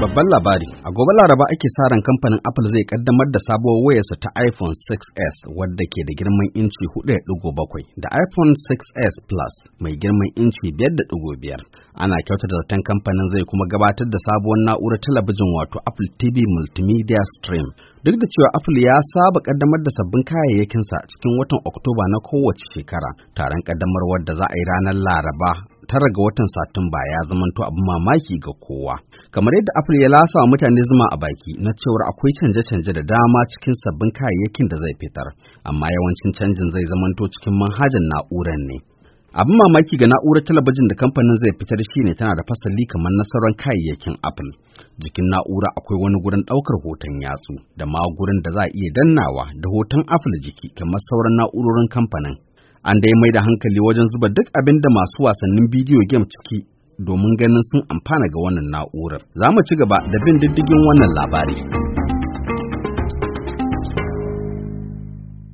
Babban labari, a gobe Laraba ake sa ran kamfanin Apple zai kaddamar da sabuwar wayarsa ta iPhone 6s wadda ke da girman inci 4.7 da iPhone 6s Plus mai girman inci 5.5. Ana da zaton kamfanin zai kuma gabatar da sabuwar na'urar talabijin wato Apple TV Multimedia Stream. Duk da cewa Apple ya saba kaddamar da sabbin kayayyakinsa cikin watan Oktoba na kowace shekara, taron kaddamarwar da za a yi ranar Laraba tara ga watan Satumba ya zamanto abin mamaki ga kowa. Kamar yadda Apple ya lasa wa mutane zuma a baki na cewar akwai canje-canje da dama cikin sabbin kayayyakin da zai fitar, amma yawancin canjin zai zamanto cikin manhajan na'urar ne. Abin mamaki ga na'urar talabijin da kamfanin zai fitar shi ne tana da fasali kamar na sauran kayayyakin Apple. Jikin na'ura akwai wani gurin ɗaukar hoton yatsu da ma gurin da za a iya dannawa da hoton Apple jiki kamar sauran na'urorin kamfanin. an dai mai da hankali wajen zuba duk abin da masu wasannin bidiyo game ciki domin ganin sun amfana ga wannan na'urar. Za mu ci gaba da bin diddigin wannan labari.